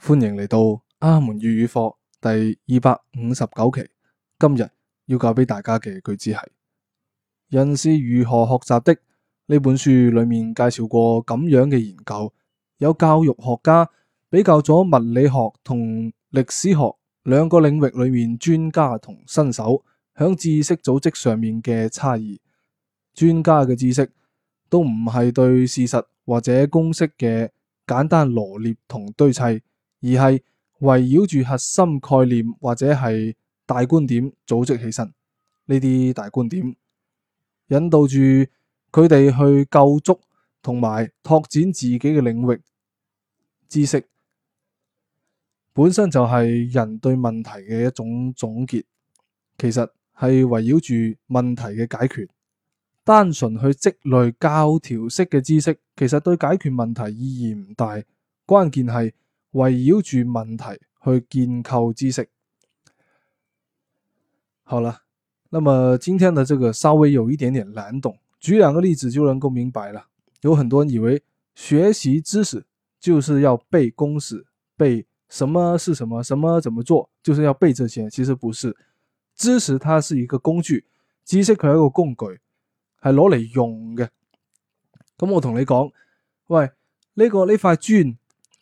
歡迎嚟到阿門粵語課第二百五十九期。今日要教俾大家嘅句子係：人是如何學習的？呢本書裏面介紹過咁樣嘅研究，有教育學家比較咗物理學同歷史學兩個領域裏面，專家同新手響知識組織上面嘅差異。專家嘅知識都唔係對事實或者公式嘅簡單羅列同堆砌。而係圍繞住核心概念，或者係大觀點組織起身，呢啲大觀點引導住佢哋去構築同埋拓展自己嘅領域知識，本身就係人對問題嘅一種總結。其實係圍繞住問題嘅解決，單純去積累教條式嘅知識，其實對解決問題意義唔大。關鍵係。圍繞住問題去建構知識。好了，那麼今天的這個稍微有一點點難懂，舉兩個例子就能夠明白了。有很多人以為學習知識就是要背公式，背什麼是什麼，什麼怎麼做，就是要背這些。其實不是，知識它是一個工具，知識佢係一個工具，係攞嚟用嘅。咁、嗯、我同你講，喂，呢、呢個呢塊磚。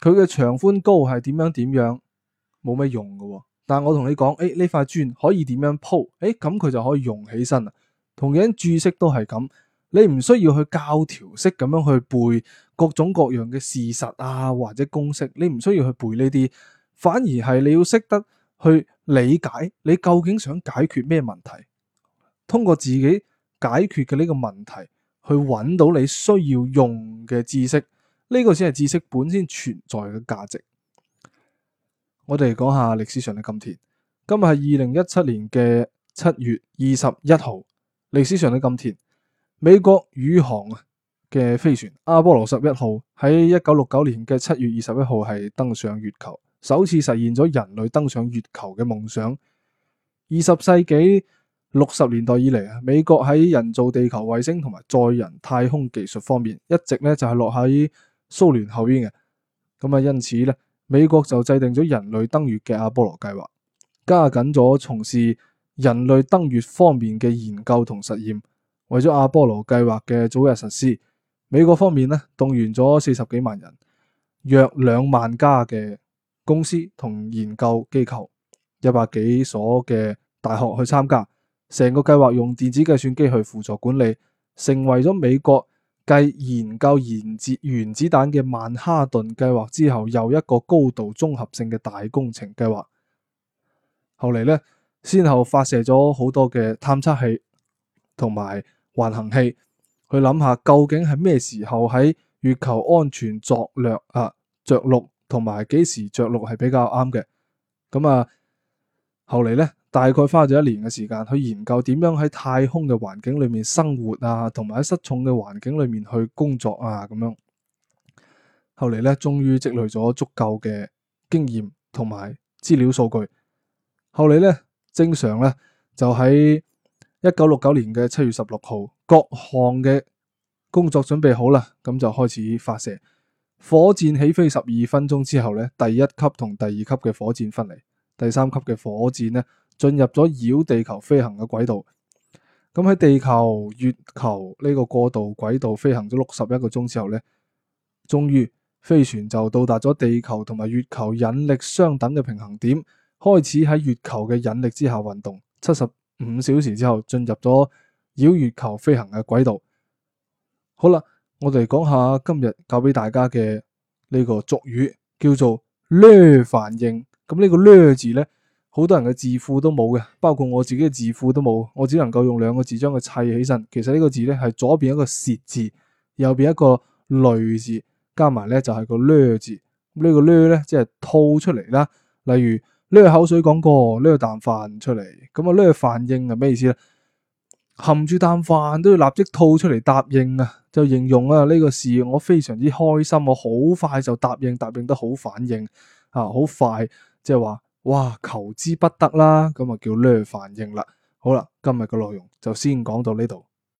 佢嘅長寬高係點樣點樣冇咩用㗎，但係我同你講，誒呢塊磚可以點樣鋪，誒咁佢就可以用起身啦。同樣註釋都係咁，你唔需要去教條式咁樣去背各種各樣嘅事實啊，或者公式，你唔需要去背呢啲，反而係你要識得去理解你究竟想解決咩問題，通過自己解決嘅呢個問題去揾到你需要用嘅知識。呢個先係知識本身存在嘅價值。我哋講下歷史上嘅今天。今日係二零一七年嘅七月二十一號。歷史上嘅今天，美國宇航嘅飛船阿波羅十一號喺一九六九年嘅七月二十一號係登上月球，首次實現咗人類登上月球嘅夢想。二十世紀六十年代以嚟啊，美國喺人造地球衛星同埋載人太空技術方面，一直咧就係、是、落喺。蘇聯後邊嘅，咁啊，因此咧，美國就制定咗人類登月嘅阿波羅計劃，加緊咗從事人類登月方面嘅研究同實驗，為咗阿波羅計劃嘅早日實施，美國方面咧動員咗四十幾萬人，約兩萬家嘅公司同研究機構，一百幾所嘅大學去參加，成個計劃用電子計算機去輔助管理，成為咗美國。繼研究研製原子彈嘅曼哈頓計劃之後，又一個高度綜合性嘅大工程計劃。後嚟咧，先後發射咗好多嘅探測器同埋環行器，去諗下究竟係咩時候喺月球安全作略啊着陸，同埋幾時着陸係比較啱嘅。咁啊～後嚟咧，大概花咗一年嘅時間去研究點樣喺太空嘅環境裏面生活啊，同埋喺失重嘅環境裏面去工作啊，咁樣。後嚟咧，終於積累咗足夠嘅經驗同埋資料數據。後嚟咧，正常咧，就喺一九六九年嘅七月十六號，各項嘅工作準備好啦，咁就開始發射。火箭起飛十二分鐘之後咧，第一級同第二級嘅火箭分離。第三級嘅火箭呢，進入咗繞地球飛行嘅軌道。咁喺地球、月球呢個過渡軌道飛行咗六十一個鐘之後呢，終於飛船就到達咗地球同埋月球引力相等嘅平衡點，開始喺月球嘅引力之下運動。七十五小時之後，進入咗繞月球飛行嘅軌道。好啦，我哋講下今日教俾大家嘅呢個俗語，叫做掠反應。咁、這個、呢個孭字咧，好多人嘅字庫都冇嘅，包括我自己嘅字庫都冇，我只能夠用兩個字將佢砌起身。其實呢個字咧係左邊一個舌字，右邊一個累字，加埋咧就係、是、個孭字。這個、呢個孭咧即係吐出嚟啦。例如呢孭口水講過，呢孭啖飯出嚟。咁啊孭反應係咩意思咧？含住啖飯都要立即吐出嚟答應啊，就形容啊呢、這個事我非常之開心，我好快就答應，答應得好反應啊，好快。即係話，哇，求之不得啦，咁啊叫舌累飯應啦。好啦，今日嘅內容就先講到呢度。